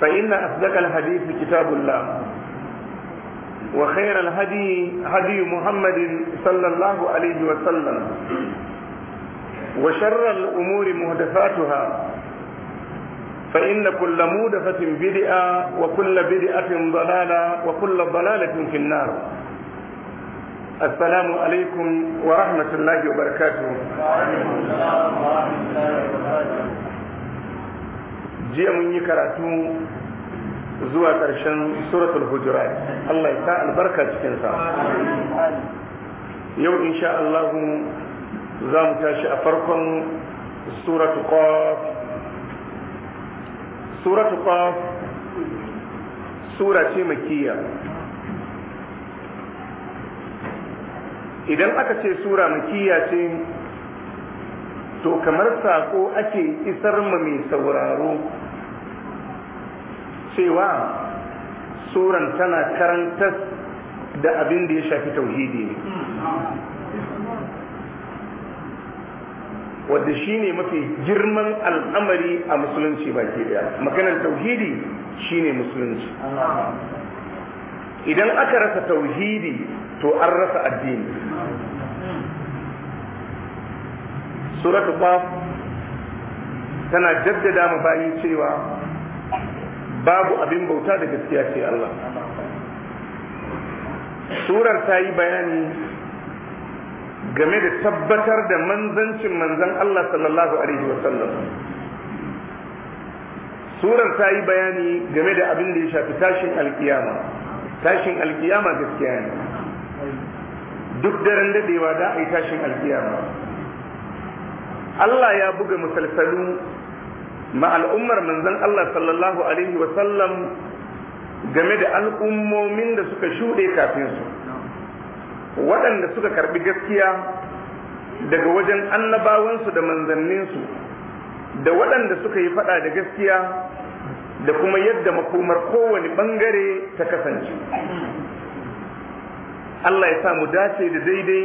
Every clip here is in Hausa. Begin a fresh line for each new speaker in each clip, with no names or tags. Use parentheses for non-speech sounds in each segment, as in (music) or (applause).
فإن أصدق الحديث كتاب الله وخير الهدي هدي محمد صلى الله عليه وسلم وشر الأمور مهدفاتها فإن كل مودفة بدئة وكل بدئة ضلالة وكل ضلالة في النار السلام عليكم ورحمة الله وبركاته
وعليكم السلام ورحمة الله وبركاته
jiya mun yi karatu zuwa ƙarshen suratul hujurat Allah ya sa albarka cikin sa yau insha Allah za mu tashi a farkon suratul qaf suratul qaf sura ce idan aka ce sura makiyya ce to kamar sako ake isar ma mai sauraro cewa suran tana karantar da abin da ya shafi tauhidi ne wadda shi ne mafi girman al'amari a musulunci ke daya maganar tauhidi shi ne musulunci idan aka rasa tauhidi to an rasa addini suratu qaf tana jaddada mabayi cewa babu abin bauta da gaskiya sai Allah surar ta yi bayani game da tabbatar da manzancin manzan Allah sallallahu alaihi wasallam surar ta yi bayani game da abin da ya shafi tashin alkiyama tashin alkiyama gaskiya ne duk daren dadewa da a yi tashin alkiyama Allah ya buga musalsalu. ma al'ummar manzon Allah sallallahu alaihi wa sallam game da al'ummomin da suka shuɗe kafin su waɗanda suka karɓi gaskiya daga wajen annabawansu da manzanninsu da waɗanda suka yi faɗa da gaskiya da kuma yadda makomar kowane ɓangare ta kasance Allah ya sa mu dace da daidai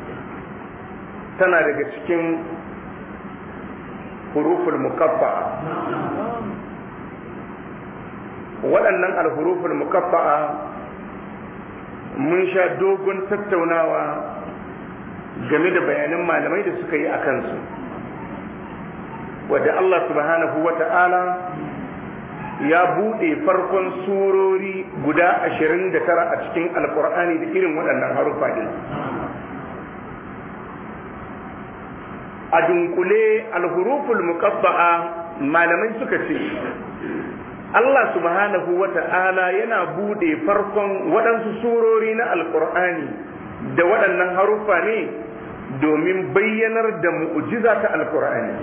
tana daga cikin huruful mukaffa'a waɗannan alhuruful mukaffa'a mun sha dogon tattaunawa game da bayanan malamai da suka yi a kansu wadda Allah subhanahu wa ta'ala ya buɗe farkon surori guda ashirin da tara a cikin Alƙur'ani da irin waɗannan harufa ɗin. a dunkule alhuruful muqabba'a malamai suka ce Allah subhanahu wa ta'ala yana bude farkon waɗansu surori na alkur'ani da waɗannan haruffa ne domin bayyanar da mu'jiza ta alkur'ani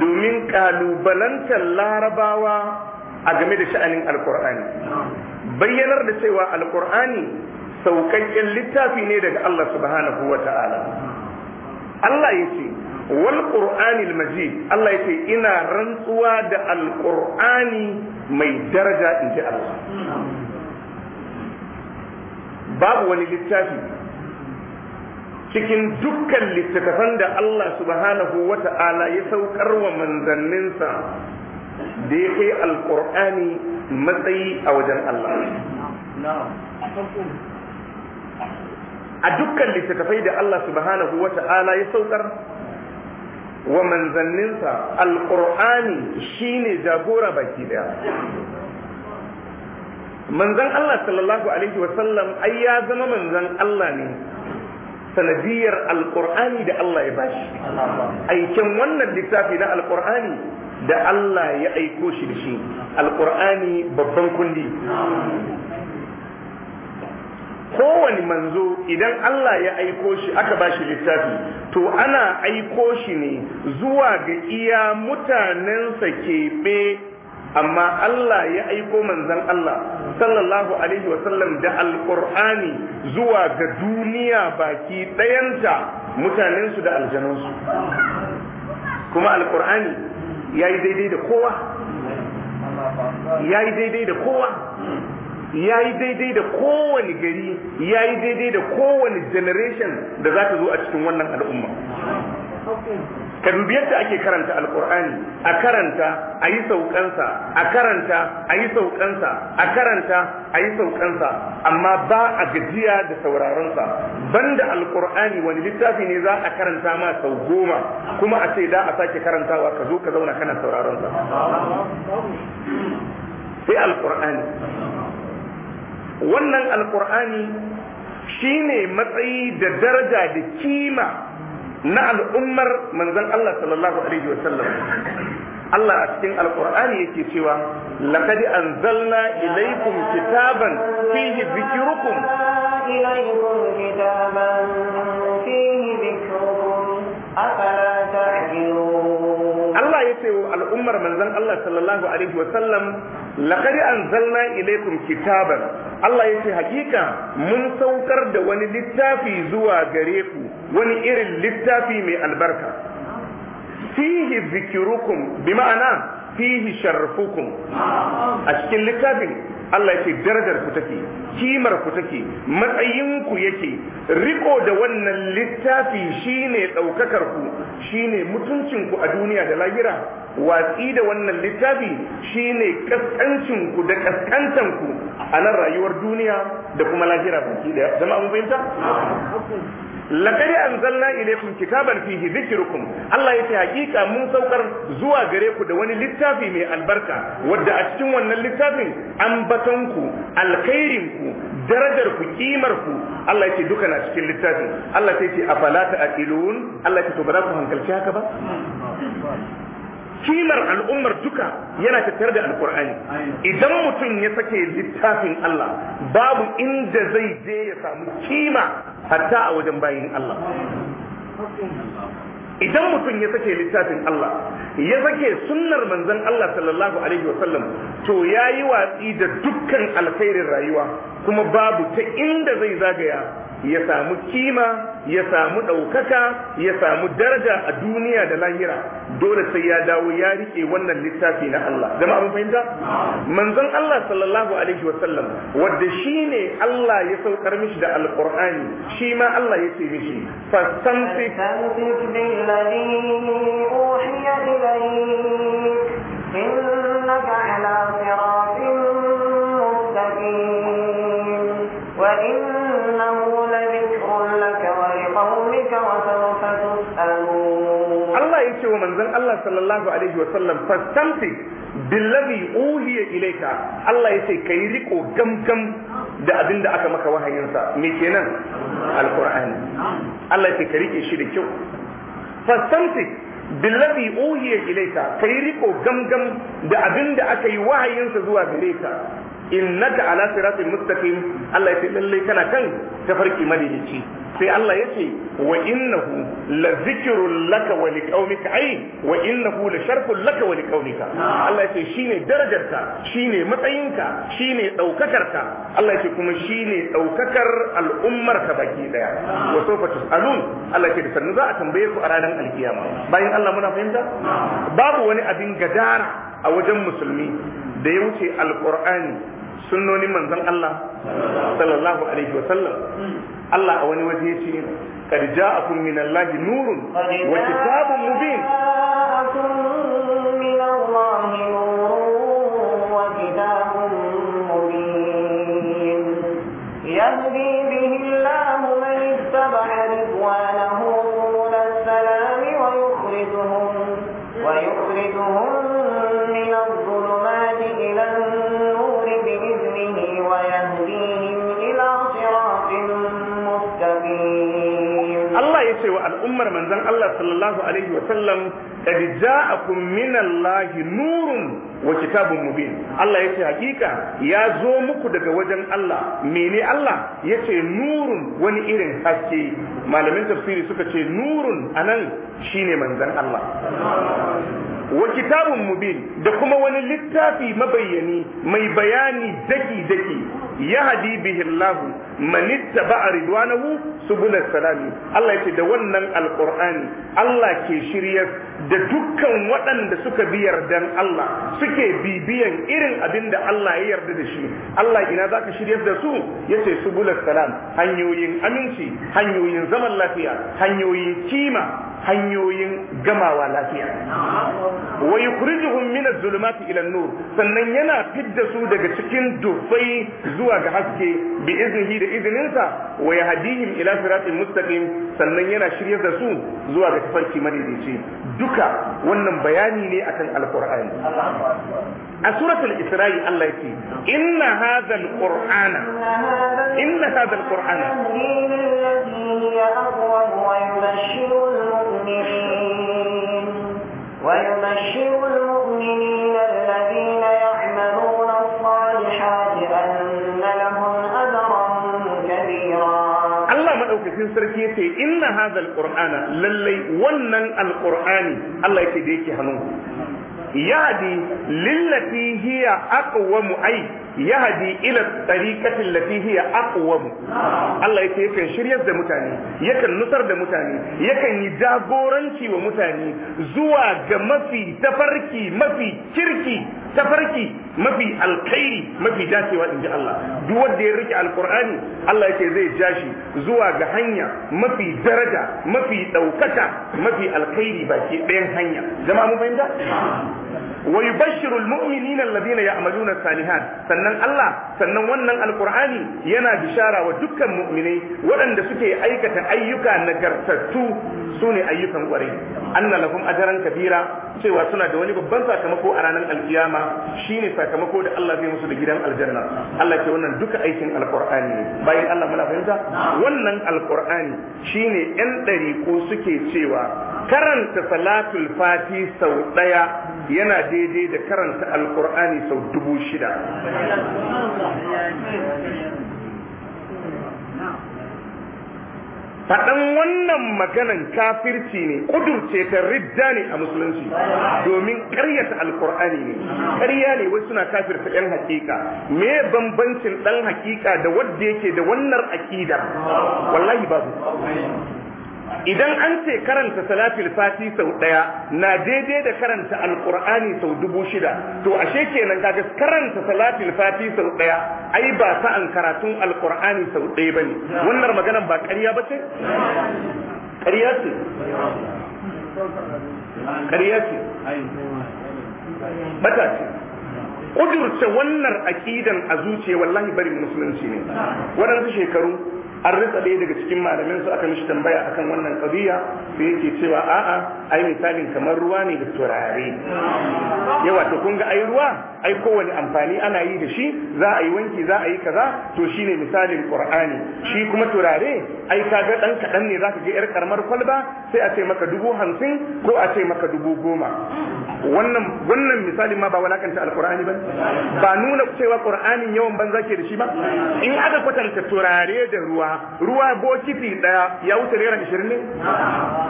domin ƙalubalantar larabawa a game da sha'anin alkur'ani bayyanar da cewa alkur'ani sauƙaƙƙen littafi ne daga Allah subhanahu wa ta'ala Allah ya ce wal qur'anil majid Allah ya ce ina rantsuwa da alƙur'ani mai daraja in ji Allah babu wani littafi cikin dukkan littattafan da Allah subhanahu wa ta'ala ya saukar wa manzanninsa da ya kai alƙur'ani matsayi a wajen Allah a dukkan littattafai da Allah subhanahu wa ta'ala ya saukar wa manzanninsa alƙur'ani shine jagora baki daya manzan Allah sallallahu alaihi wasallam ai ya zama manzan Allah ne sanadiyar alƙur'ani da Allah ya bashi aikin wannan littafi na alƙur'ani da Allah ya aiko shi da shi alƙur'ani babban kundi kowane manzo idan Allah ya aiko shi aka ba shi littafi to ana aiko shi ne zuwa ga iya mutanensa keɓe amma Allah ya aiko manzon Allah sallallahu alaihi wasallam da alƙur'ani zuwa ga duniya baki ɗayanta mutanensu da aljanunsu kuma alƙur'ani ya yi daidai da kowa ya yi daidai da kowa ya yi daidai da kowane gari ya yi daidai da kowane generation da za ta zo a cikin wannan al'umma ka dubi yadda ake karanta alkur'ani a karanta a yi saukansa a karanta a yi saukansa a karanta a yi saukansa amma ba a gajiya da sauraronsa banda alkur'ani wani littafi ne za a karanta ma sau goma kuma a ce da a sake karantawa ka zo ka zauna kana sauraronsa sai alkur'ani wannan alkur'ani ne matsayi da daraja da kima na al'ummar manzan Allah sallallahu alaihi wasallam Allah a cikin alkur'ani yake cewa laqad anzalna ilaikum kitaban
fihi dhikrukum kitaban fihi dhikrukum afala ta'qilun Allah ya ce wa
al'ummar manzon Allah sallallahu alaihi wa sallam laqad anzalna ilaykum kitaban Allah ya ce hakika mun saukar da wani littafi zuwa gare ku wani irin littafi mai albarka fihi zikrukum bi ma'ana fihi sharfukum a cikin littafin Allah yake darajar ku take kimar ku take matsayin ku yake riko da wannan littafi shine daukakar ku shine mutuncin ku a duniya da lahira watsi da wannan littafi shine kaskancin ku da kaskantan ku a nan rayuwar duniya da kuma lahira baki daya zama mun fahimta laqad anzalna ilaykum kitaban fihi dhikrukum Allah yace hakika mun saukar zuwa gare ku da wani littafi mai albarka wanda a cikin wannan littafin an ku alkhairin ku darajar ku kimar ku Allah yace duka na cikin littafin Allah sai yace afala ta'qilun Allah yace to ba ku hankalci haka ba kimar al'ummar duka yana tattare da alkur'ani idan mutum ya sake littafin Allah babu inda zai je ya samu kima hatta a wajen bayin Allah idan mutum ya sake littafin Allah ya sake sunnar manzon Allah sallallahu alaihi wasallam to yayi watsi da dukkan alkhairin rayuwa kuma babu ta inda zai zagaya ya samu kima ya samu ɗaukaka ya samu daraja a duniya da lahira dole sai ya dawo ya rike wannan littafi na Allah zama abin fahimta manzon Allah sallallahu alaihi wa sallam wanda shine Allah ya saukar mishi da alqur'ani shi ma Allah ya ce mishi
fasamsik إنك على صراط مستقيم وإن
ya ce wa manzon Allah sallallahu alaihi wa sallam fastamti billazi uhiya ilayka Allah ya ce kai riko gamgam da abin da aka maka wahayinsa me kenan alqur'ani Allah ya ce ka rike shi da kyau fastamti billazi uhiya ilayka kai riko gamgam da abin da aka yi wahayinsa zuwa gare ka innaka ala siratin mustaqim Allah ya ce lalle kana kan tafarki madaidaici sai Allah yake wa innahu la zikrun laka wa liqaumika ai wa innahu la sharfun laka wa liqaumika Allah ce shine darajarka shine matsayinka shine daukakarka Allah ce kuma shine daukakar al'ummar ka baki daya wa sawfa tusalun Allah ya ce sannu za a tambaye ku a ranar alkiyama bayan Allah muna fahimta babu wani abin gadara a wajen musulmi da ya wuce alqur'ani sunnonin manzon Allah sallallahu alaihi sallam. Allah a wani waje ce qad ja'akum min Allahi nurun wa
kitabun mubin يهدي به الله من اتبع
Ummar manzon Allah sallallahu alaihi wa sallam ja'akum minallahi nurun wa kitabun mubin Allah ya ce hakika ya zo muku daga wajen Allah mene Allah yace nurun wani irin haske malamin tafsiri suka ce nurun anan shine manzon Allah wa kitabun mubin da kuma wani littafi mabayyani mai bayani daki daki yahdi bihi Allah man ittaba'a ridwanahu subul salam Allah yake da wannan alqur'ani Allah ke shiryar da dukkan waɗanda suka bi yardan Allah suke bibiyan irin abin da Allah ya yarda da shi Allah ina zaka shiryar da su yace subul salam hanyoyin aminci hanyoyin zaman lafiya hanyoyin kima hanyoyin gamawa lafiya ويخرجهم من الظلمات الى النور سنن ينا فدسو دغ سكين دوفاي زوا غ حسكي باذنه باذننسا ويهديهم الى صراط مستقيم سنن ينا شريه دسو زوا غ تفرقي مديدشي دوكا wannan bayani ne akan alquran a surat al-isra'i Allah yake inna hadha al inna hadha
al ويبشر المؤمنين الذين يعملون الصالحات أن لهم أجرا
هذا القرآن للي ونن القرآن الله يتي هنو Yahadi lillati hiya aqwamu ai yahadi ila tariqati allati hiya aqwamu Allah yake yakan shiryar da mutane yakan nutsar da mutane yakan yi jagoranci wa mutane zuwa ga mafi tafarki mafi kirki tafarki mafi alkhairi mafi dacewa inji Allah duk wanda ya rike alqur'ani Allah yake zai jashi zuwa ga hanya mafi daraja mafi ɗaukata, mafi alkhairi baki ɗayan hanya jama'a mu fahimta Wai yubashshiru almu'minina alladhina ya'maluna salihat sannan Allah sannan wannan alqur'ani yana bishara wa dukkan mu'minai waɗanda suke aikata ayyuka nagartattu sune ayyukan ƙwarai anna lahum ajran kabira cewa suna da wani babban sakamako a ranar alkiyama shine sakamako da Allah zai musu da gidan aljanna Allah ke wannan duka aikin alqur'ani ne bayan Allah muna fahimta wannan alqur'ani shine yan ɗariƙo suke cewa karanta salatul fati sau ɗaya yana daidai da karanta alkur'ani sau dubu shida faɗin wannan maganan kafirci ne ƙudurce ta ridda ne a musulunci domin ƙaryata alkur'ani ne ƙarya ne wasu suna kafirta ɗan haƙiƙa, me bambancin ɗan hakika da wadda yake da wannan aƙidar wallahi babu idan an ce karanta salatul fati sau daya na daidai da karanta alqur'ani sau dubu shida to ashe kenan kaga karanta salatul fati sau daya ai ba ta an karatun alqur'ani sau daya bane wannan maganan ba ƙarya bace ƙarya ce ƙarya ce bata ce ƙudurce wannan aƙidan a zuciya wallahi bari musulunci ne waɗansu shekaru an rinsa ɗaya daga cikin malamin su aka mishi tambaya akan wannan kabiya sai yake cewa a'a ai misalin kamar ruwa ne da turare yawa to kun ga ai ruwa ai kowane amfani ana yi da shi za a yi wanki za a yi kaza to shine misalin qur'ani shi kuma turare ai ga dan kadan ne zaka ga yar karamar kwalba sai a ce maka dubu hamsin ko a ce maka dubu goma wannan wannan misali ma ba walakanta alqur'ani ba ba nuna cewa qur'anin yawan banza ke da shi ba in aka kwatanta turare da ruwa ruwa bokiti daya ya wuce naira 20 ne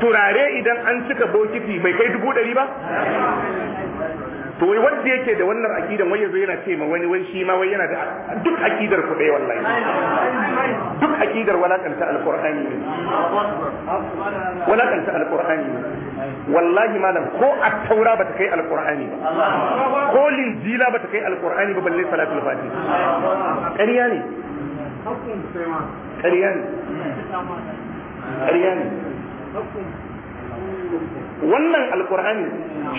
turare idan an cika bokiti bai kai dubu ɗari ba to wai wanda yake da wannan akidan wai yanzu yana ce ma wani wai shi ma wai yana da duk akidar ku dai wallahi duk akidar walakanta alqur'ani ne walakanta alqur'ani ne wallahi malam ko at-taura bata kai alqur'ani ba ko linjila bata kai alqur'ani ba balle salatul fatiha ƙarya ne ƙarya ne ƙarya ne wannan alqur'ani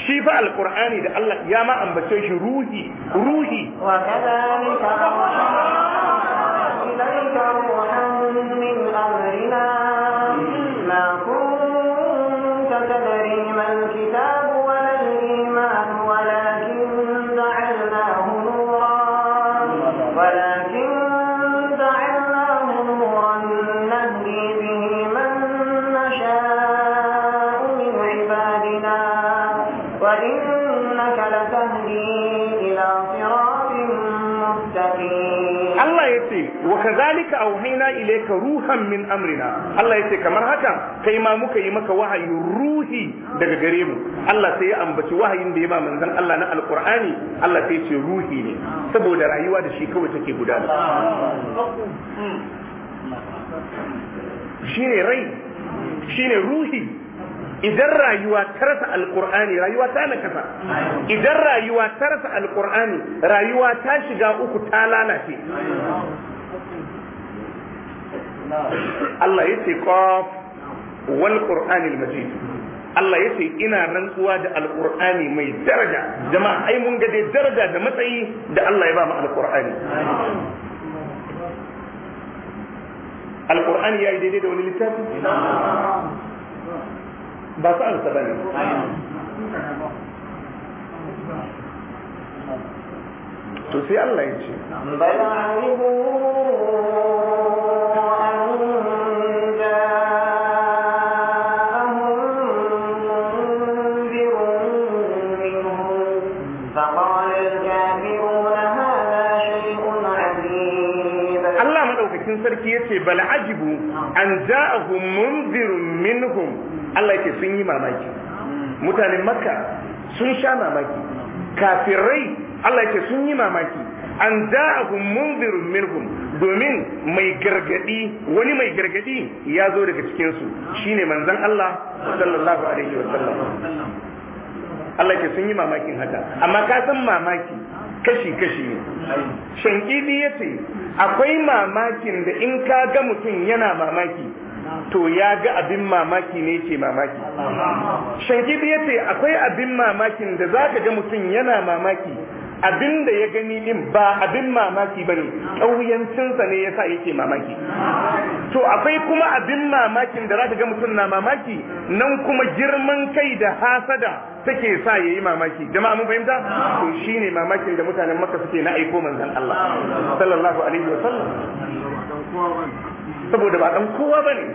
shi fa alqur'ani da
Allah ya ma ambace shi ruhi ruhi wa kadhalika ila min
Ka ruhan min amrina Allah ya ce kamar haka kai ma muka yi maka wahayi ruhi daga gare mu Allah sai ya ambaci wahayin da ya ba manzon Allah na alqur'ani Allah sai ya ce ruhi ne saboda rayuwa da shi kawai take gudana shine rai shine ruhi idan rayuwa ta rasa alkur'ani rayuwa ta nakasa idan rayuwa ta rasa alkur'ani rayuwa ta shiga uku ta lalace Allah ya ce kof wal qur'anil majid Allah ya ce ina rantsuwa da Al-Qur'ani mai daraja jama'a ai mun ga dai daraja da matsayi da Allah ya ba mu qurani ya yi daidai da wani littafi ba su ansa bane to sai Allah ya ce sarki ya ce bal ajibu an ja'ahum munzirun minhum Allah yake sun yi mamaki mutanen makka sun sha mamaki kafirai Allah yake sun yi mamaki an ja'ahum munzirun minhum domin mai gargadi wani mai gargadi ya zo daga cikin su shine manzon Allah sallallahu alaihi wa sallam Allah ke sun yi mamakin haka amma ka san mamaki kashi kashi ne shankidi yace akwai mamakin da in ka ga mutum yana mamaki to ya ga abin mamaki ne ce mamaki shankidi ya ce akwai abin mamakin da za ka ga mutum yana mamaki abin da ya gani din ba abin mamaki ba ne ƙauyancinsa ne yasa yake mamaki to akwai kuma abin mamakin da za ka ga mutum na mamaki nan kuma girman kai da hasada take sa ya yi mamaki jama'a mun fahimta to shine mamakin da mutanen maka suke na aiko manzon Allah sallallahu alaihi wa sallam saboda ba ɗan kowa ba ne.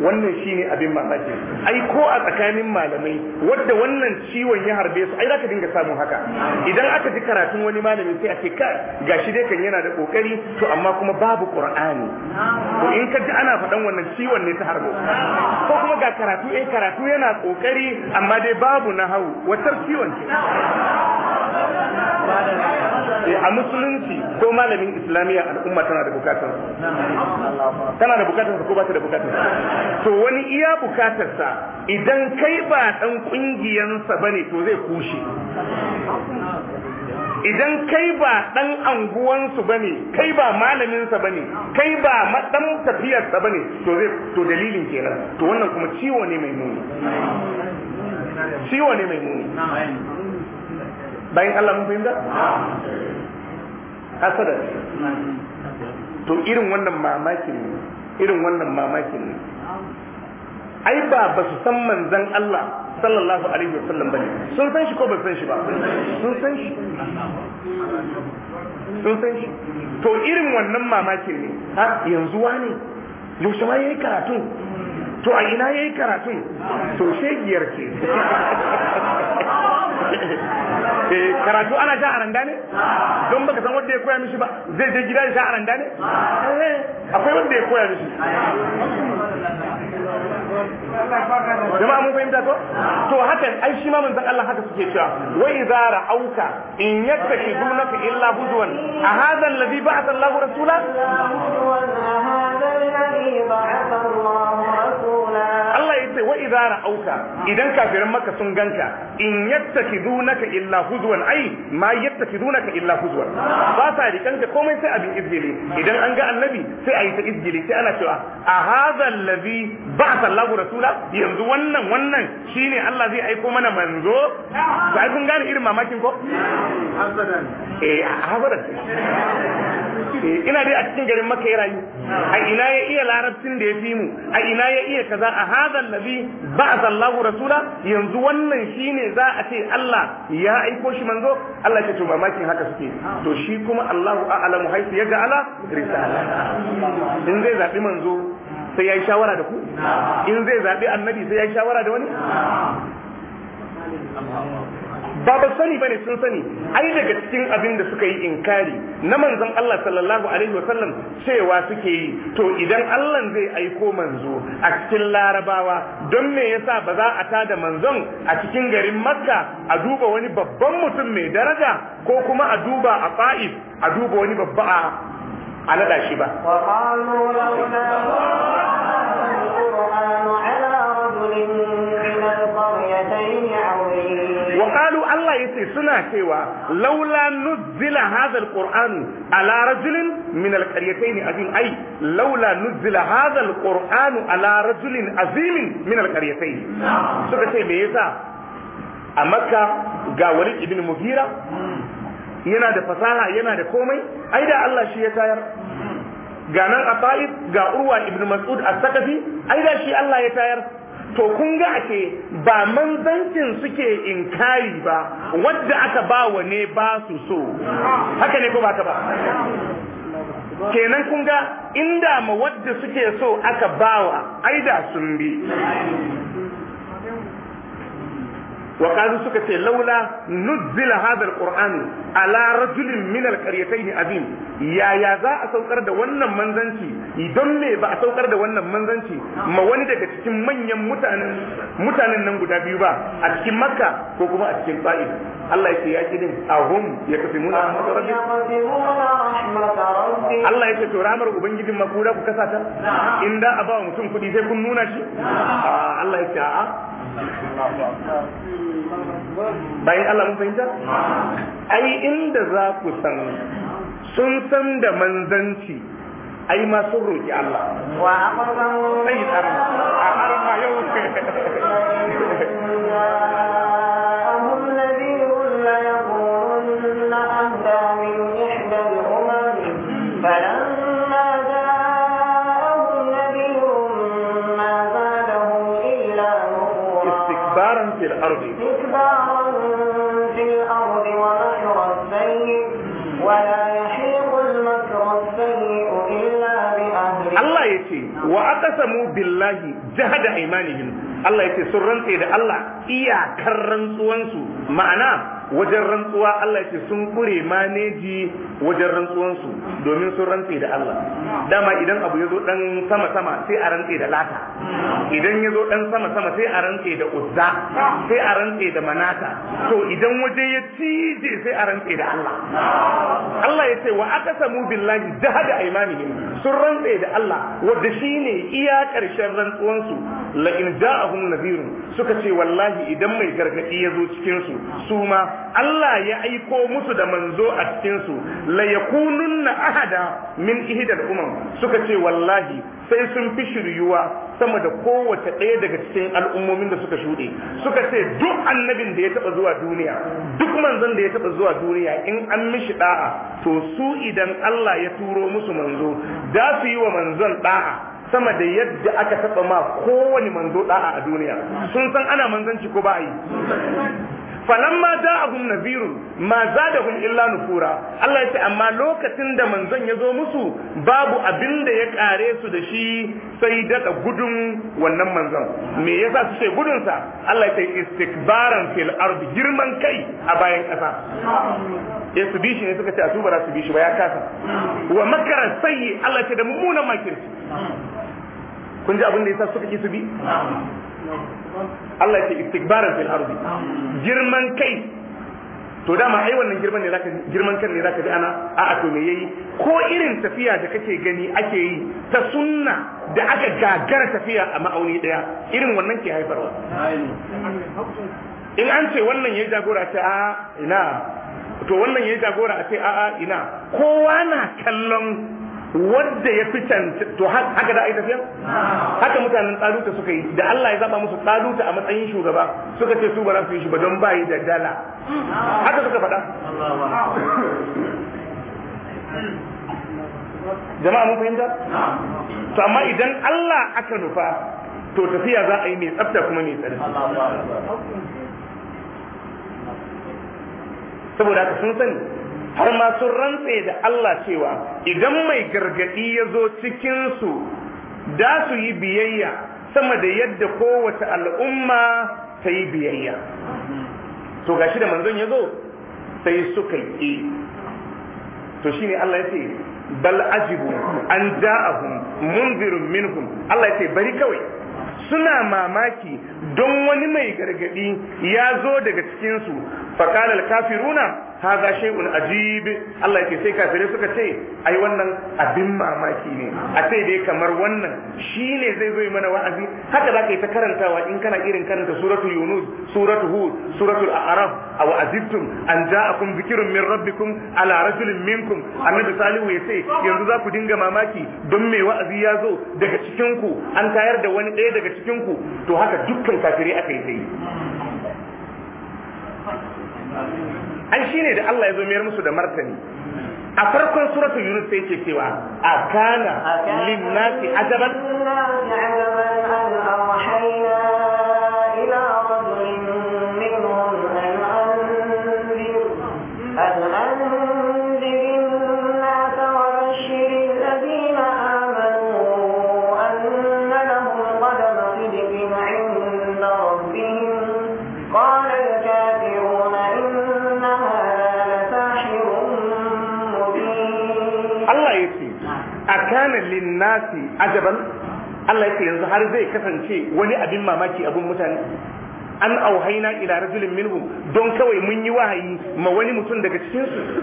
wannan shi ne abin mamaki ai ko a tsakanin malamai wadda wannan ciwon ya harbe su ai za ka dinga samun haka idan aka ji karatun wani malami sai a ce kai gashi dai kan yana da kokari to amma kuma babu qur'ani to in ka ji ana faɗan wannan ciwon ne ta harbo ko kuma ga karatu eh karatu yana kokari amma dai babu nahawu watar ciwon ke? a musulunci ko malamin islamiyya al'umma tana da bukatar tana da bukatar ko ba ta da bukatar to wani iya bukatar sa idan kai ba dan sa bane to zai kushe idan kai ba dan su bane kai ba malamin sa bane kai ba madan tafiyarsa bane to zai to dalilin kenan to wannan kuma ciwo ne mai muni
ciwo ne mai muni bayan Allah mun fahimta hasada
to irin wannan mamakin ne irin wannan mamakin ne ai ba ba su san manzon Allah sallallahu alaihi wa sallam bane sun san shi ko ba san shi ba sun san
shi sun san shi
to irin wannan mamakin ne ha yanzu wane yaushe ma yayi karatu to a ina yayi karatu to shegiyar ke (laughs) eh karatu ana sha aranda ne don baka san wanda ya koya mishi ba zai je gida ya sha aranda ne eh, akwai wanda ya koya mishi
jama'a mun fahimta ko to
hakan ai shi ma manzon Allah haka suke cewa wa idza ra'auka in yattakhidunaka illa huzwan a hadha alladhi ba'atha
Allahu rasula
yace wa idza ra'auka idan kafirin maka sun ganka in yattakidunaka illa huzwan ai ma yattakidunaka illa huzwan ba sa rikanka komai sai abin izgili idan an ga annabi sai a yi ta izgili sai ana cewa a hadha allazi ba'atha Allahu rasula yanzu wannan wannan shine Allah zai aiko mana manzo kun gane irin mamakin ko eh ina dai a cikin garin maka ya rayu a ina ya iya larabcin da ya fi mu a ina ya iya kaza a hadha ba ba'atha Allahu rasula yanzu wannan shine za a ce Allah ya aiko shi manzo Allah ya ce mamakin haka suke to shi kuma Allahu a'lamu ga yaj'ala risala in zai zabi manzo sai ya yi shawara da ku in zai zabi annabi sai ya yi shawara da wani ba ba sani bane sun sani ai daga cikin abin da suka yi inkari na manzon Allah sallallahu alaihi wasallam cewa suke yi to idan Allah zai aiko manzo a cikin larabawa don me yasa ba za a ta da manzon a cikin garin Makka a duba wani babban mutum mai daraja ko kuma a duba a fa'id a duba wani babba a naɗa shi ba. suna cewa laula nuzila hadha qur'anu ala rajulin min alqaryatayn azim ai laula nuzila hadha qur'anu ala rajulin azim min alqaryatayn suka ce me yasa a makka ga wani ibn mugira yana da fasaha yana da komai ai da Allah shi ya tayar ga nan a ga urwa ibn mas'ud as-sakafi ai da shi Allah ya tayar to kun ga ake ba manzancin suke in inkari ba wadda aka ba wa ne ba su so haka ne ko ba ta ba kenan kun ga inda ma wadda suke so aka bawa aida sun bi wa qalu suka ce laula nuzila hadha alquran ala rajulin min alqaryatayn azim yaya za a saukar da wannan manzanci idan me ba a saukar da wannan manzanci ma wani daga cikin manyan mutanen mutanen nan guda biyu ba a cikin makka ko kuma a cikin ta'if Allah ya ce ya kidin ahum ya kasimuna
Allah
ya ce to ramar ubangijin makura ku kasata inda a ba mutum kuɗi sai kun nuna shi ah, Allah ya ce a'a bayan Allah mun fahimta ai inda za ku san sun san da manzanci ai ma sun roƙi Allah wa
amran sai tsaro a har ma yau (laughs)
qasamu billahi jahada imanihim Allah yace sun rantse da Allah iyakar rantsuwansu ma'ana wajen rantsuwa Allah ce sun kure maneji wajen rantsuwansu domin sun rantse da Allah dama idan abu ya zo dan sama sama sai a rantse da lata idan ya zo dan sama sama sai a rantse da uzza sai a rantse da manata to idan waje ya cije sai a rantse da Allah Allah ya ce wa aqsamu billahi jahada aymanihim sun rantse da Allah wanda shine iya karshen rantsuwansu la in ja'ahum nadhirun suka ce wallahi idan mai gargadi ya zo cikin su su ma Allah ya aiko musu da manzo a cikin su la yakununna ahada min ihdal umam suka ce wallahi sai sun fi shiryuwa sama da kowace ɗaya daga cikin al'ummomin da suka shuɗe suka ce duk annabin da ya taɓa zuwa duniya duk manzon da ya taɓa zuwa duniya in an mishi ɗa'a, to su idan Allah ya turo musu manzo da su yi wa manzon ɗa'a. sama da yadda aka taba ma kowane manzo da'a a duniya sun san ana manzanci ko ba yi falamma ja'ahum maza ma zadahum illa nufura Allah ya ce amma lokacin da manzon ya zo musu babu abin da ya kare su da shi sai daga gudun wannan manzon me yasa su ce gudun sa Allah ya ce istikbaran fil ard girman kai a bayan kasa ya su bi ne suka ce a su ba su bi ba ya kasa wa makara sayyi Allah ya ce da mummunan makirci kun ji abin da sa suka ki su bi Allah ya ce istikbaran fil ardi girman kai to dama ai wannan girman ne zaka girman kan ne zaka ji ana a'a to me yayi ko irin tafiya da kake gani ake yi ta sunna da aka gagara tafiya a ma'auni daya irin wannan ke haifarwa in an ce wannan yayi jagora ce a ina to wannan yayi jagora a ce a'a ina kowa na kallon wanda ya fi to haka da ai tafiya haka mutanen tsaluta suka yi da Allah ya zaba musu tsaluta a matsayin shugaba suka ce su ba za su yi shi ba don bayi da dala haka suka faɗa
jama'a mun fahimta to amma idan
Allah aka nufa to tafiya za a yi mai tsafta kuma mai tsari saboda haka sun sani har masu rantse da Allah cewa idan mai gargadi ya zo cikinsu da su yi biyayya sama da yadda kowace al'umma ta yi biyayya to gashi da manzon ya zo sai suka yi to shine Allah ya ce bal ajibu an ja'ahum munzirun minhum Allah ya ce bari kawai suna mamaki don wani mai gargadi ya zo daga cikinsu faqala al kafiruna haza shay'un ajib Allah yake sai kafirai suka ce ai wannan abin mamaki ne a sai dai kamar wannan shine zai zo mana wa'azi haka zaka yi ta karantawa in kana irin karanta suratul yunus suratul hud suratul a'raf aw azibtum an ja'akum dhikrun min rabbikum ala rajulin minkum annabi salihu yace yanzu za ku dinga mamaki don me wa'azi ya zo daga cikin ku an tayar da wani ɗaya daga cikin ku to haka dukkan kafirai aka yi
sai
ai ne da Allah ya zo mayar musu da martani a farkon suratul yunus sai yake cewa akana linnati ajaban
an ila
nasi ajaban Allah yake yanzu har zai kasance wani abin mamaki abun mutane an auhaina ila rajulin minhum don kawai mun yi wahayi ma wani mutum daga cikin su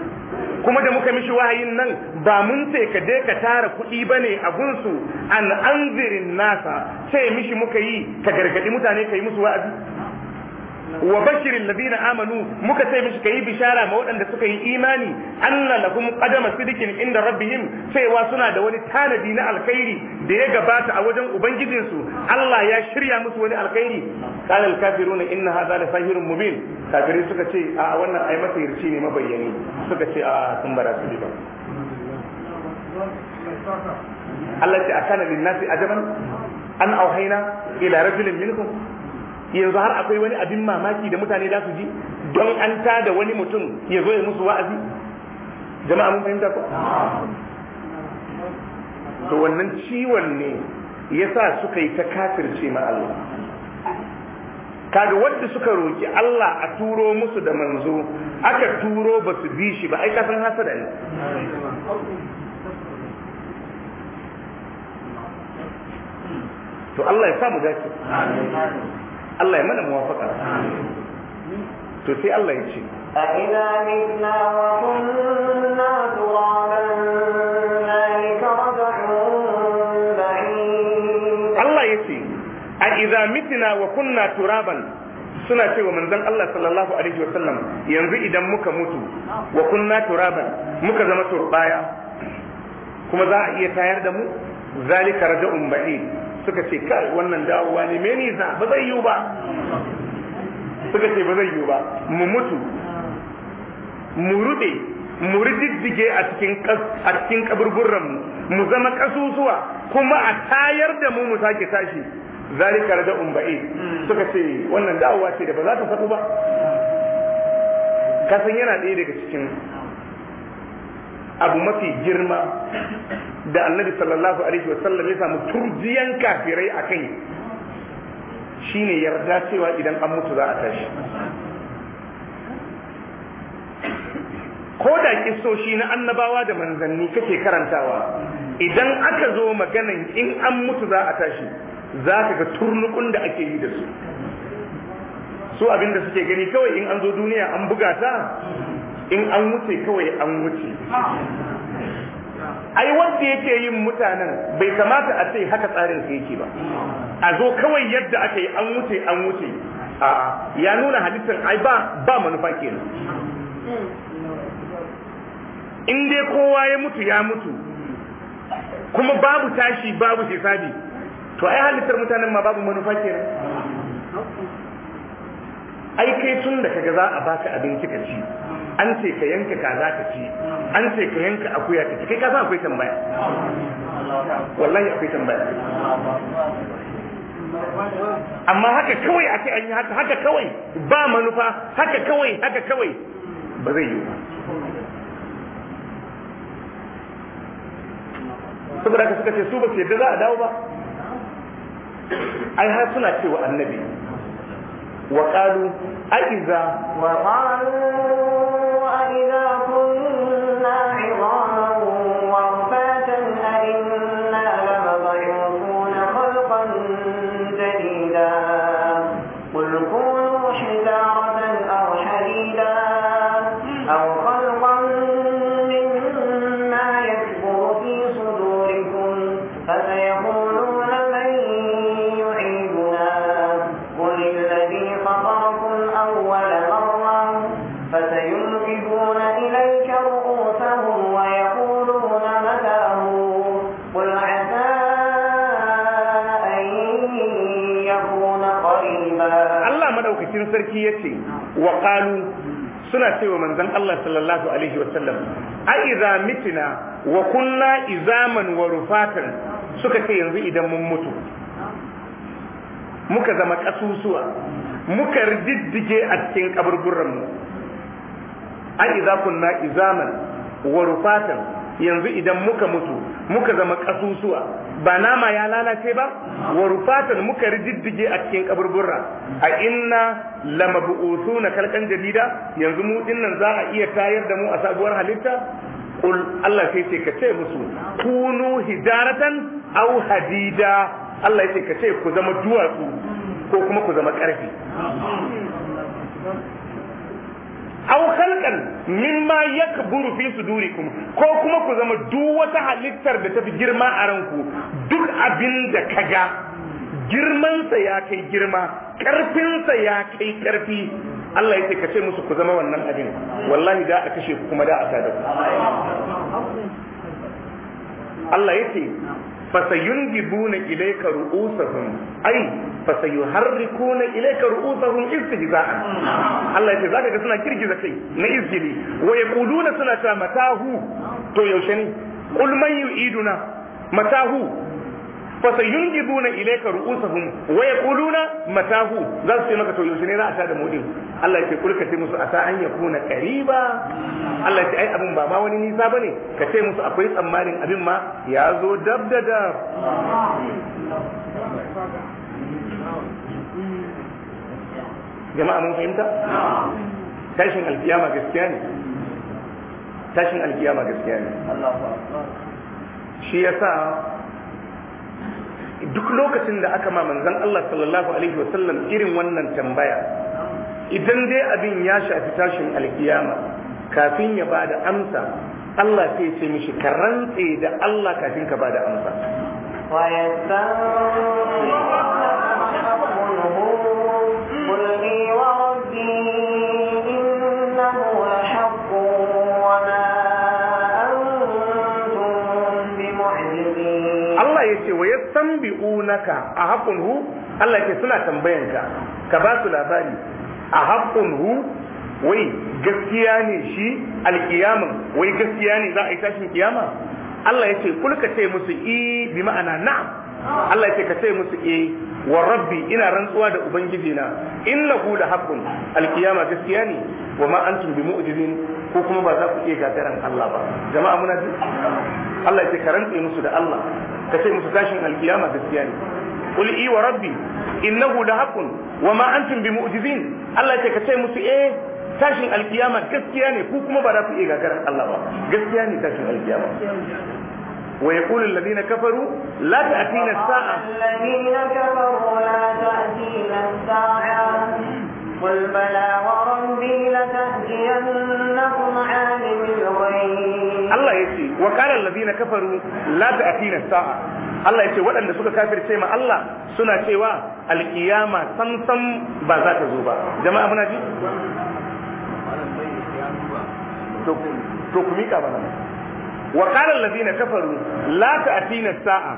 kuma da muka mishi wahayin nan ba mun ce ka de ka tara kuɗi ba ne abun su an anzirin nasa sai mishi muka yi ka gargaɗi mutane ka yi musu wa'azi wa bashirin ladina amanu muka sai mishi kai bishara ma waɗanda suka yi imani anna lahum qadama sidikin inda rabbihim cewa suna da wani tanadi na alkhairi da ya gabata a wajen ubangijinsu Allah ya shirya musu wani alkhairi qala alkafiruna inna hadha la sahirun mubin kafirai suka ce a wannan ai masa yirci ne mabayyani suka ce a sun bara su ba Allah ce akana linnasi ajaban an auhaina ila rajulin minkum yanzu har akwai wani abin mamaki da mutane za su ji don an da wani mutum ya zo ya musu wa'azi jama'a mun fahimta ko to wannan ciwon ne yasa suka yi ta kafirce ma Allah kaga wanda suka roki Allah a turo musu da manzo aka turo ba su bi shi ba ai kasan hasada ne to Allah ya samu dace amin Allah ya mana muwafaka to sai Allah ya ce
a ina mitna wa kunna turaban zalika raj'un ba'id Allah ya ce
a idza mitna wa kunna turaban suna cewa manzon Allah sallallahu alaihi wa sallam yanzu idan muka mutu wa kunna turaban muka zama turbaya kuma za a iya tayar da mu zalika raj'un ba'id suka ce kai wannan dawowa ne me nisa ba zai yiwu ba suka ce ba zai yiwu ba mu mutu mu rude mu rididdige a cikin a cikin kaburburran mu zama kasusuwa kuma a tayar da mu mu sake tashi zalika da umba'i suka ce wannan dawowa ce da ba za ta saku ba kasan yana ɗaya daga cikin abu mafi girma da annabi sallallahu alaihi sallam ya samu turjiyan kafirai a kai shine yarda cewa idan an mutu za a tashi ko da shi na annabawa da manzanni kake karantawa idan aka zo maganan in an mutu za a tashi za ka ga turnukun da ake yi da su su abinda suke gani kawai in an zo duniya an buga ta in an wuce kawai an wuce ai wanda yake yin mutanen bai kamata a ce haka tsarin su yake ba a zo kawai yadda aka yi an wuce an wuce a'a ya nuna halittar ai ba ba manufa kenan in dai kowa ya mutu ya mutu kuma babu tashi babu hisabi to ai halittar mutanen ma babu manufa kenan ai kai tun da kaga za a baka abinci ka ci an ce ka yanka za ka ci an ce ka yanka akuya ka ci kai ka san akwai tambaya
wallahi akwai tambaya
amma haka kawai ake an yi haka haka kawai ba manufa haka kawai haka kawai ba zai yi saboda haka suka ce su ba su yadda za a dawo ba ai har suna cewa annabi wa qalu a wa
qalu
qalu suna wa manzon Allah sallallahu alaihi wasallam a mitina wa kunna izaman wa rufatan suka ce yanzu idan mun mutu muka zama ƙasusuwa muka riddige a cikin kaburburan mu a idza kunna izaman wa rufatan yanzu idan muka mutu muka zama kasusuwa ba nama ya lalace ba wa rufatan muka rijiddige a cikin kaburburra a inna na kalkan jarida yanzu mu dinnan za a iya tayar da mu a sabuwar halitta kul Allah sai ce ka ce musu kunu hidaratan aw hadida Allah sai ka ce ku zama duwatsu ko kuma ku zama karfi aw khalqan mimma yakburu fi sudurikum ko kuma ku zama duk wata halittar da tafi girma a ranku duk abin da ga. girmansa ya kai girma karfinsa ya kai karfi Allah yake kace musu ku zama wannan abin wallahi da a kashe ku kuma da a tada Allah ya ce fasayunbibuna ilayka ru'usahum ai fasayuharrikuna ilayka ru'usahum istihza'an Allah yace zaka ga suna girgiza kai na izgili wa yaquluna suna ta matahu to yaushe ne qul man iduna, matahu fa sayunjibuna ilayka ru'usahum wa yaquluna matahu za su maka to yaushe ne za a ta da mudin Allah ya ce kulka ce musu asa an yakuna qariba Allah ya ce ai abin ba ma wani nisa bane ka ce musu akwai tsammanin abin ma ya zo dab da dab jama'a mun fahimta tashin alkiyama gaskiya ne tashin alkiyama gaskiya ne shi yasa duk lokacin da aka ma manzon Allah sallallahu alaihi wasallam irin wannan tambaya idan dai abin ya shafi tashin alkiyama kafin ya ba da amsa Allah sai ce mishi ka rantse da Allah kafin ka bada amsa wa yastanbi'unaka a haqqun hu Allah yake suna tambayanka ka ba su labari a haqqun hu wai gaskiya ne shi alkiyamin wai gaskiya ne za a yi tashin kiyama Allah ya ce kulka ce musu i e, bi ma'ana na'am Allah ya ce ka ce musu e wa rabbi ina rantsuwa da ubangiji na in lahu da haqqun alkiyama gaskiya ne wa ma antum bi mu'jizin ko kuma ba za ku iya gagaran Allah ba jama'a muna ji Allah ya ce ka rantsa musu da Allah ka ce musu tashin alkiyama gaskiya ne qul i wa rabbi innahu lahaqqun wa ma antum bimu'jizin Allah ce ka ce musu eh tashin alkiyama gaskiya ne ku kuma ba za ku iya gagarar Allah ba gaskiya ne tashin alkiyama ويقول الذين كفروا لا تأتينا الساعة
الذين كفروا لا قل بلى وربي عالم الغيب الله يسير
wa qala allazina kafaru la ta'tina sa'a Allah yace waɗanda suka kafirce ma Allah suna cewa alkiyama sam sam ba za ta zo ba jama'a muna ji to ku mika bana wa qala allazina kafaru la ta'tina sa'a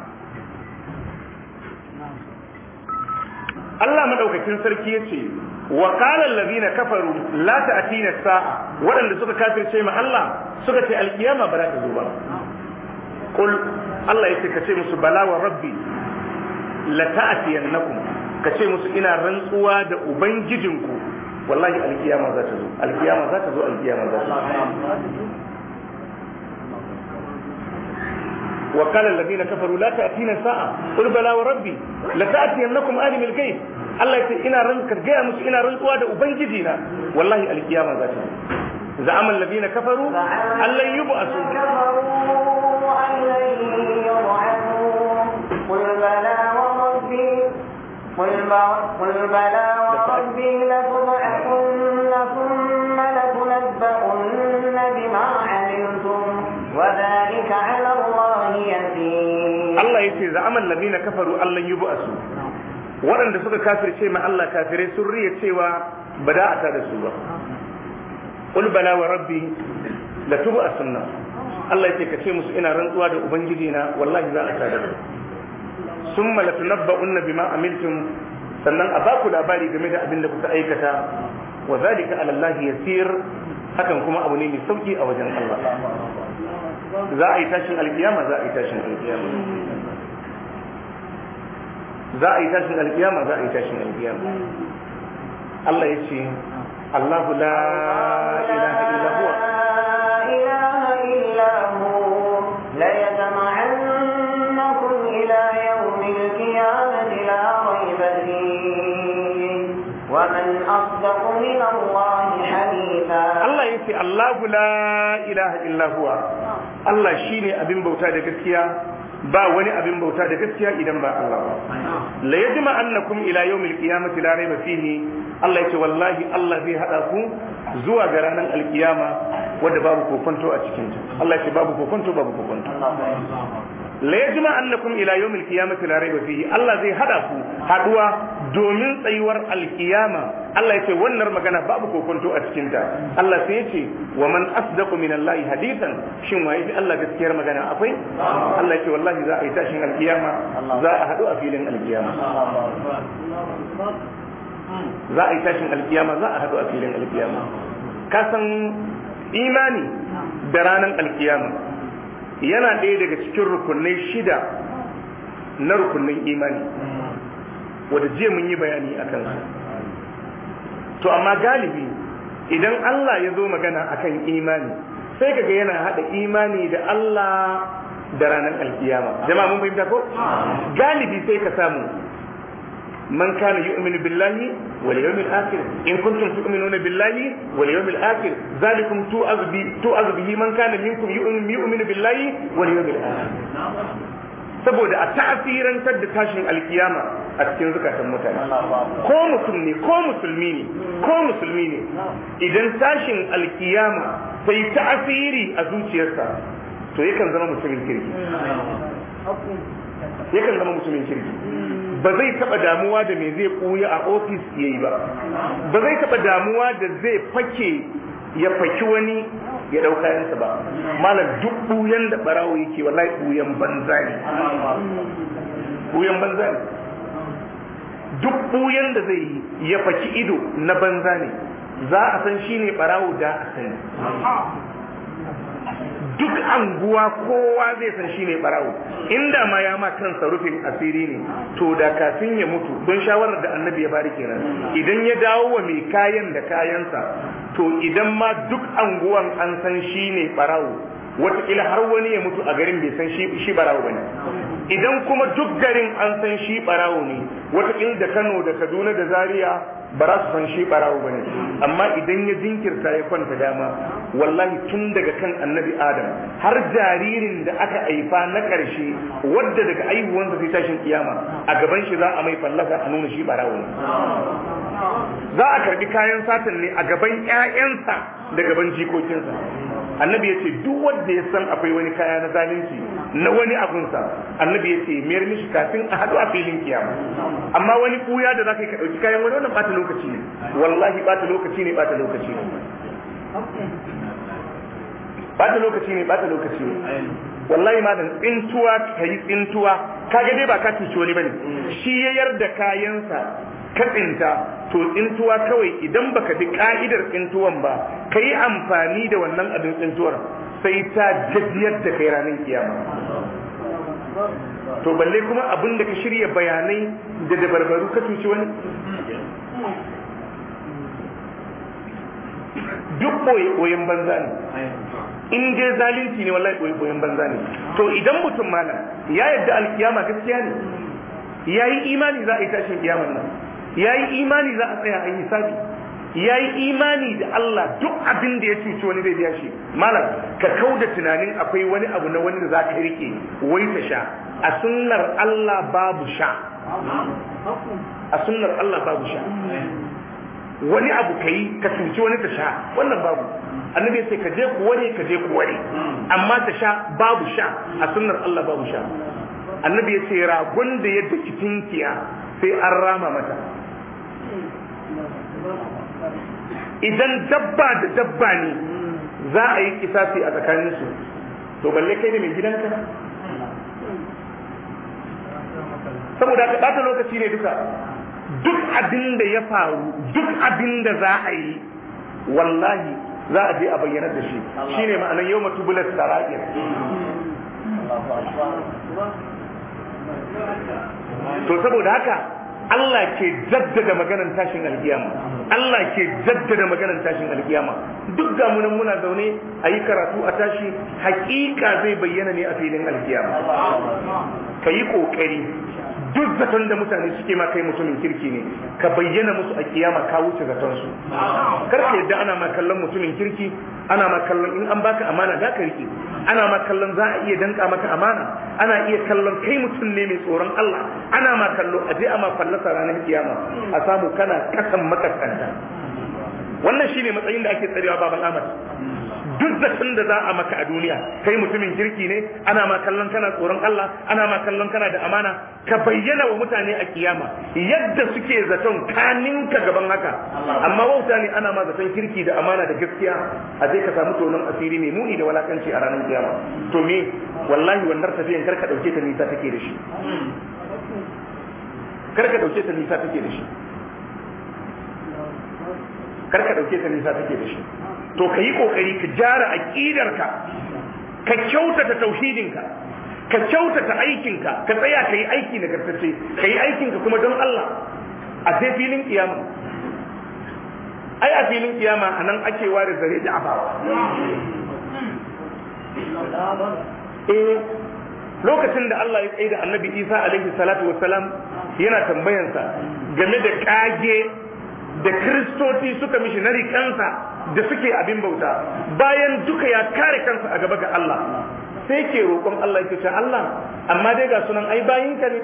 Allah madaukakin sarki yace wa qala allazina kafaru la ta'tina sa'a waɗanda suka kafirce ma Allah suka ce alkiyama ba za ta zo ba qul Allah yake kace musu bala wa rabbi la ta'tiyannakum kace musu ina rantsuwa da ubangijinku wallahi alkiyama za ta zo alkiyama za ta zo alkiyama za ta zo وقال الذين كفروا لا تأتينا الساعة قل بلى وربي لتأتينكم آدم الكيف Allah ya ce ina ranka gaya musu ina rantsuwa da ubangiji na wallahi alkiyama za ta za'ama alladhina kafaru allan yub'asu
قل بلى وربي لتبعثن ثم لتنبؤن بما علمتم وذلك على الله
يسير الله يسير زعم الذين waɗanda suka kafirce ma Allah kafirai sun riya cewa ba da a da su ba qul bala wa rabbi la tubu sunna Allah yake kace musu ina rantsuwa da ubangiji na wallahi za a tada da summa la tunabba'unna bima amiltum sannan a baku labari game da abin da kuka aikata wa zalika ala Allah yasir hakan kuma abu ne mai sauki a wajen Allah za a yi tashin alkiyama za a yi tashin alkiyama za a yi tashin alkiyama za a yi tashin alkiyama Allah ya ce Allahu la ilaha illa huwa
Allah Allah ya ce
Allahu la ilaha illa huwa Allah shine abin bauta da gaskiya ba wani abin bauta da gaskiya idan ba Allah ba la yajma annakum ila yawmil qiyamati la rayba fihi Allah yace wallahi Allah zai hada ku zuwa ga ranar alkiyama wanda babu kokonto a cikin ta Allah yace babu kokonto babu kokonto la yajma annakum ila yawmil qiyamati la rayba fihi Allah zai hada ku haduwa domin tsayuwar alkiyama Allah ya ce wannan magana babu kokonto a cikin ta Allah sai ya ce wa man asdaqu min Allah hadithan shin waye fi Allah gaskiyar magana akwai Allah ya ce wallahi za a yi tashin alkiyama za a hadu a filin alkiyama za a yi tashin alkiyama za a hadu a filin alkiyama ka san imani da ranar alkiyama yana ɗaya daga cikin rukunai shida na rukunin imani wata jiya mun yi bayani akan su to amma galibi idan Allah ya zo magana akan imani sai kaga yana haɗa imani da Allah da ranar alkiyama jama'a mun fahimta ko galibi sai ka samu man kana yu'minu billahi wal yawmil akhir in kuntum tu'minuna billahi wal yawmil akhir zalikum tu'azbi tu'azbi man kana minkum yu'minu billahi wal yawmil akhir saboda a ta'asirantar da tashin alkiyama a cikin zukatan mutane ko mutum ko musulmi ne ko musulmi ne idan tashin alkiyama bai ta'asiri a zuciyarsa to yakan zama mutumin kirki yakan zama mutumin kirki ba zai taɓa damuwa da me zai koya a ofis yayi ba ba zai taɓa damuwa da zai fake ya faki wani ya dau kayansa ba malam duk buyan da barawo yake wallahi buyan banza ne buyan banza ne duk buyan da zai ya faki ido na banza ne za a san shine barawo da a sani duk anguwa kowa zai san shi ne barawo inda ma ya ma kansa rufin asiri ne to da kafin ya mutu don shawarar da annabi ya bari kenan idan ya dawo wa mai kayan da kayansa to idan ma duk anguwan an san shi ne barawo wataƙila har wani ya mutu a garin bai san shi barawo ba ne idan kuma duk garin an san shi barawo ne wataƙila da kano da kaduna da zaria ba za su san shi barawo bane amma idan ya jinkirta ya kwanta dama wallahi tun daga kan annabi adam har jaririn da aka aifa na ƙarshe wadda daga aihuwansa sai tashin kiyama a gaban shi za a mai fallasa a nuna shi barawo ne za a karbi kayan satan ne a gaban ƴaƴansa da gaban jikokinsa annabi ya ce duk wanda ya san akwai wani kaya na zalunci na wani abunsa annabi ya ce mayar mishi kafin a haɗu a filin kiyama amma wani kuya da zaka yi ka ɗauki kayan wani wannan ɓata lokaci ne wallahi ɓata lokaci ne ɓata lokaci ne ɓata lokaci ne ɓata lokaci ne wallahi malam tsintuwa ka yi tsintuwa ga dai ba ka cuci wani bane shi ya yarda kayansa ka tsinta to tsintuwa kawai idan baka bi ka'idar tsintuwan ba ka yi amfani da wannan abin tsintuwar sai ta jajiyar da kai ranar kiyama to balle kuma abin da ka shirya bayanai da dabarbaru ka cuci wani duk boyen banza ne in je zalinci ne wallahi boyen banza ne to idan mutum mana ya yadda alkiyama gaskiya ne ya yi imani za a yi tashin kiyaman nan ya yi imani za a tsaya a yi sabi ya yi imani da Allah duk abin da ya cuci wani zai biya shi malam ka kau da tunanin akwai wani abu na wani da za ka rike wai ta sha a sunnar Allah babu sha a sunnar Allah babu sha wani abu ka yi ka cuci wani ta sha wannan babu annabi sai ka je ku ware ka je ku ware amma ta sha babu sha a sunnar Allah babu sha annabi ya ce ragon da ya daki tinkiya sai an rama mata idan dabba da dabba ne za a yi kisasi a tsakaninsu to balle kai ne mai gidanka saboda ka ɓata lokaci ne duka duk abin da ya faru duk abin da za a yi wallahi za a je a bayyana da shi shine ma'anar yau matubulat sara'ir
to saboda haka Allah ke
jaddada maganar tashin alkiyama Allah ke jaddada maganar tashin alkiyama duk ga munan muna zaune a yi karatu a tashi hakika zai bayyana ne a filin alkiyama ka yi ƙoƙari. duk zaton da mutane suke ma kai mutumin kirki ne ka bayyana musu a kiyama ka wuce zaton su kar ka yadda ana ma kallon mutumin kirki ana ma kallon in an baka amana za ka rike ana ma kallon za a iya danka maka amana ana iya kallon kai mutum ne mai tsoron Allah ana ma kallo a je a ma fallasa ranar kiyama a samu kana kasan makaskanta wannan shine matsayin da ake tsarewa baban Ahmad duk zaton da za a maka a duniya kai mutumin kirki ne ana ma kallon kana tsoron Allah ana ma kallon kana da amana ka bayyana wa mutane a kiyama yadda suke zaton kanin ka gaban haka amma wauta ne ana ma zaton kirki da amana da gaskiya a je ka samu tonon asiri mai muni da walakanci a ranar kiyama to me wallahi wannan tafiyan karka dauke ta nisa take da shi karka dauke ta nisa take da shi ka dauke ta nisa take da shi to ka yi ƙoƙari ka jara aƙidarka ka kyautata tauhidinka ka kyautata aikinka ka tsaya ka yi aiki na nagartacce ka yi aikinka kuma don Allah a sai filin kiyama ai a filin kiyama a nan ake ware zare da abawa eh lokacin da Allah ya tsaye da annabi Isa alaihi salatu wassalam yana tambayansa game da kage da kristoci suka mishi mishinari kansa da suke abin bauta bayan duka ya kare kansa a gaba ga Allah sai ke roƙon Allah ya ce Allah
amma dai ga sunan ai bayinka ne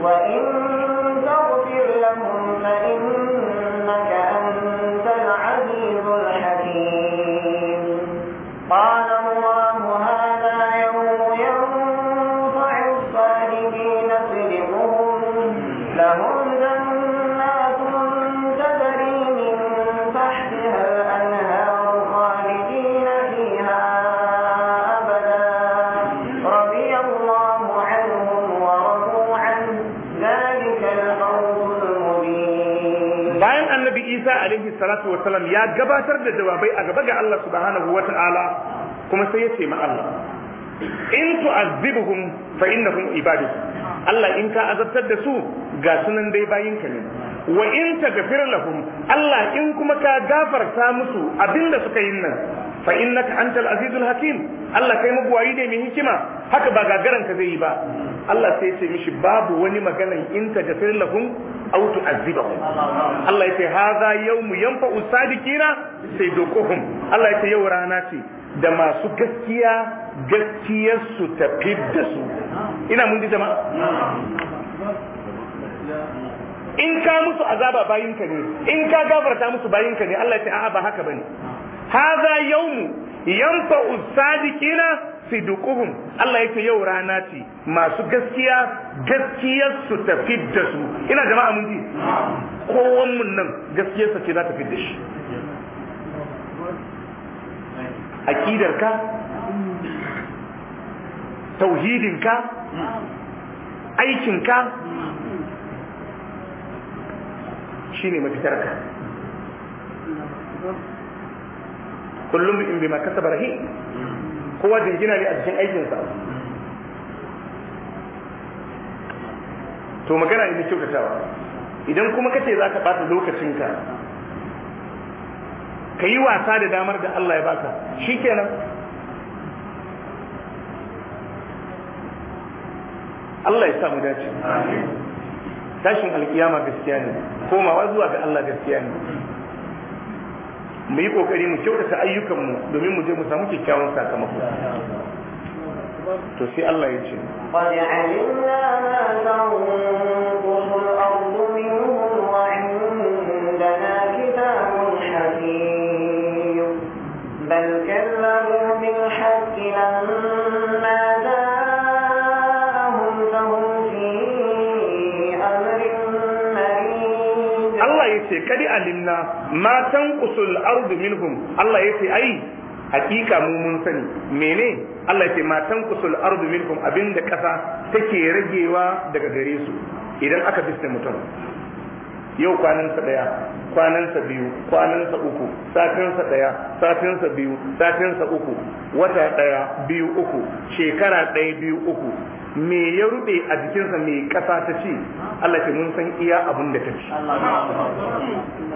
wa in
ya gabatar da jawabai a gaba ga Allah subhanahu wata'ala kuma sai ya ce ma Allah in tu'azzibuhum fa innahum ibadu Allah in ka azabtar da su ga sunan dai bayinka ne wa in taghfir lahum Allah in kuma ka gafarta musu abinda suka yi nan fa innaka antal azizul hakim Allah kai mabuwayi ne mai hikima haka ba gagaran ka zai yi ba Allah sai ya ce mishi babu wani magana in taghfir lahum aw azibahu. Allah yace hadha yawmu yanfa'u sadiqina dokuhum Allah yace yau rana ce da masu gaskiya gaskiyar su tafi da su ina mun ji jama'a in ka musu azaba ka ne in ka gafarta musu bayin ka ne Allah ya ce a'a ba haka bane hadha yawmu yanfa'u sadiqina siduquhum Allah yake yau rana ce masu gaskiya gaskiyar su ta fidda su ina jama'a mun ji kowan mun nan gaskiyar sa ce za ta fidda shi akidar ka tauhidin ka aikin ka shine mafitar ka kullum bi ma kasaba rahim kowa jingina ne a cikin aikinsa to magana ne mai kyautatawa idan kuma kace za ka ɓata lokacinka ka yi wasa da damar da Allah ya baka shikenan Allah ya samu dace tashin alkiyama gaskiya ne komawa zuwa ga Allah gaskiya ne mu yi kokari mu kyautata ayyukanmu domin mu je mu samu kyakkyawan sakamako to sai Allah ya ce
ma
kadi alimna ma kusul ardu minhum Allah yace ai hakika mu mun sani mene Allah yace ma kusul ardu minhum abinda kasa take ragewa daga gare su idan aka bista mutum yau kwanansa daya kwanansa biyu kwanansa uku safinsa daya safinsa biyu safinsa uku wata daya biyu uku shekara daya biyu uku me ya rube a jikinsa me kasa ta ce Allah ce mun san iya abin da ta ci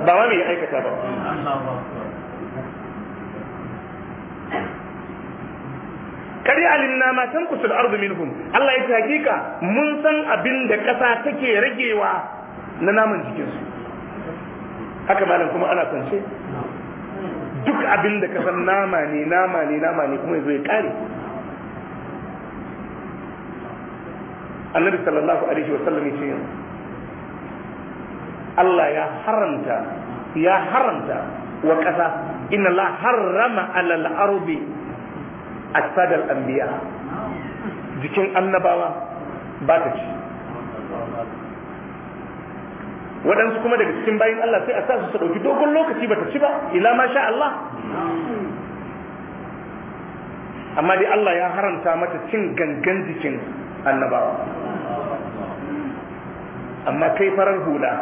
ba ma me aikata ba kar alimna ma tanqusul ardu minhum Allah ya ce hakika mun san abin da kasa take ragewa na naman jikinsu haka malam kuma ana kwance duk abin da ka san nama ne nama ne nama ne kuma yanzu ya kare annabi sallallahu alaihi wa sallam yace Allah ya haramta ya haramta wa kasa inna la harrama ala al-ardi asad al-anbiya jikin annabawa ba ta ci waɗansu kuma daga cikin bayan Allah sai a sa su su ɗauki dogon lokaci bata ci ba ila ma sha Allah amma dai Allah ya haramta mata cin gangan jikin annabawa amma kai farar hula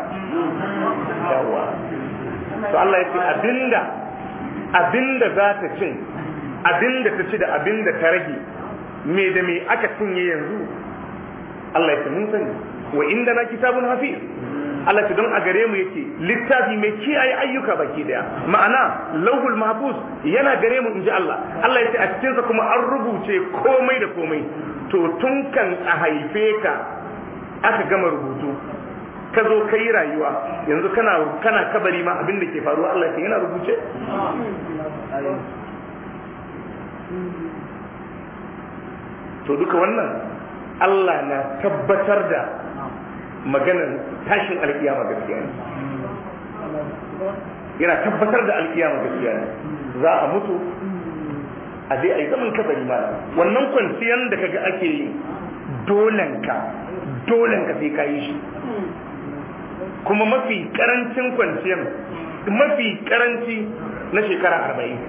yawa to Allah ya ce abinda
abinda za ta cin abinda ta ci da abinda ta rage me da me aka cinye yanzu Allah ya ce mun sani wa inda na kitabun hafiz Allah don a gare mu yake littafi mai kiyaye ayyuka baki daya ma'ana lauhul mahfuz yana gare mu inji Allah Allah yace a cikin sa kuma an rubuce komai da komai to tun kan a haife ka aka gama rubutu ka zo kai rayuwa yanzu kana kana kabari ma abin da ke faruwa Allah yake yana rubuce to duka wannan Allah na tabbatar da maganar tashin alkiyama gaskiya ne yana tabbatar da alkiyama gaskiya ne za a mutu a zai a yi zaman kabari ma wannan kwanciyar da kaga ake yi
dolanka dolanka
sai ka yi shi kuma mafi karancin kwanciyar mafi karanci na shekara arba'in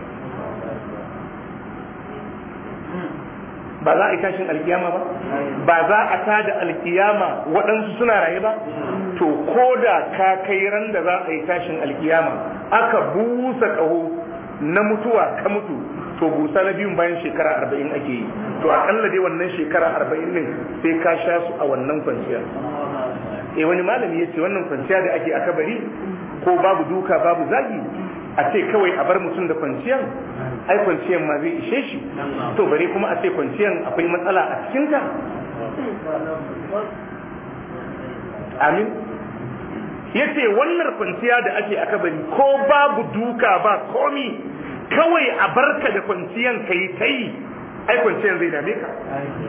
ba za a yi tashin alkiyama ba ba za a da alkiyama waɗansu suna raye ba to ko da ka kai ran da za a yi tashin alkiyama aka busa ƙaho na mutuwa ka mutu to busa na biyun bayan shekara arba'in ake yi to aƙalla dai wannan shekara arba'in ne sai ka sha su a wannan kwanciya E wani malami ya ce wannan kwanciya da ake a kabari ko babu duka babu zagi a ce kawai a bar mutum da kwanciyan ai kwanciyan ma zai ishe shi to bari kuma a ce kwanciyan akwai matsala a
cikin Amin? amin
yace wannan kwanciya da ake aka kabari ko babu duka ba komi kawai a barka da kwanciyan kai tai ai kwanciyar zai dame ka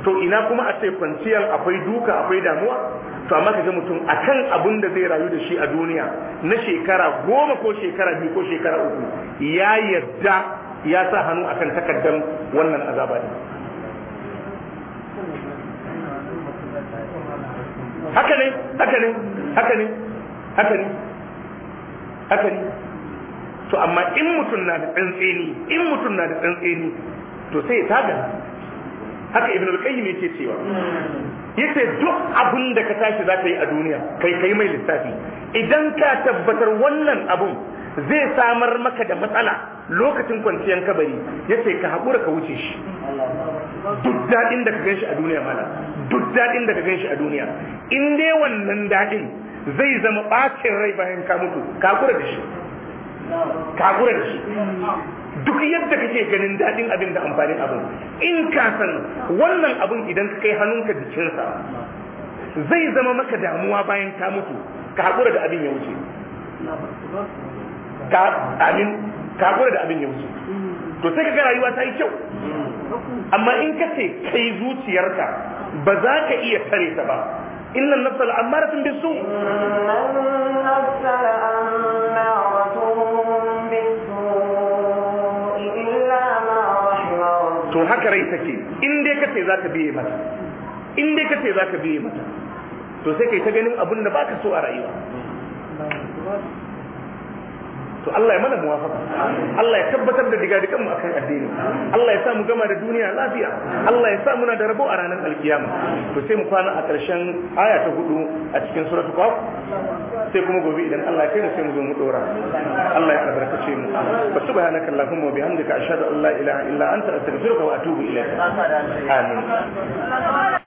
to ina kuma a ce kwanciyar akwai duka akwai damuwa to amma ga mutum akan abun da zai rayu da shi a duniya na shekara goma ko shekara biyu ko shekara uku ya yarda ya sa hannu akan takaddan wannan azaba ne
haka ne haka ne haka ne haka ne
haka ne to amma in mutum na da tsantseni in mutum na da tsantseni to sai ta tada haka ibn al-qayyim yake cewa yace duk abun da ka tashi zaka yi a duniya kai kai mai lissafi idan ka tabbatar wannan abun zai samar maka da matsala lokacin kwanciyar kabari yace ka haƙura ka wuce shi
duk daɗin
da ka gan a duniya mana duk daɗin da ka gan a duniya in dai wannan daɗin zai zama ɓakin rai bayan ka mutu ka hakura da shi ka haƙura da shi duk yadda kake ganin daɗin abin da amfanin abin in ka san wannan abin idan ka kai hannunka jikinsa zai zama maka damuwa bayan ka mutu ka haƙura da abin ya wuce ka amin ka haƙura da abin ya wuce to sai ka ga rayuwa ta yi kyau amma in ka ce kai zuciyarka ba za ka iya tare ta ba
innan nafsal amaratun bisu innan nafsal amaratun haka
rai take in dai kace za ka biye mata in dai kace za ka biye mata to sai kai ta ganin abin da baka so a rayuwa to Allah ya mana muwafaqa Allah ya tabbatar da diga digan mu akan addini Allah ya sa mu gama da duniya lafiya Allah ya sa muna da rabo a ranar alkiyama to sai mu kwana a ƙarshen aya ta hudu a cikin suratul qaf sai kuma gobe idan Allah ya kai mu sai mu zo mu dora Allah ya albarkace mu fa subhanaka allahumma wa bihamdika ashhadu an la ilaha illa anta astaghfiruka wa atubu ilayk
amin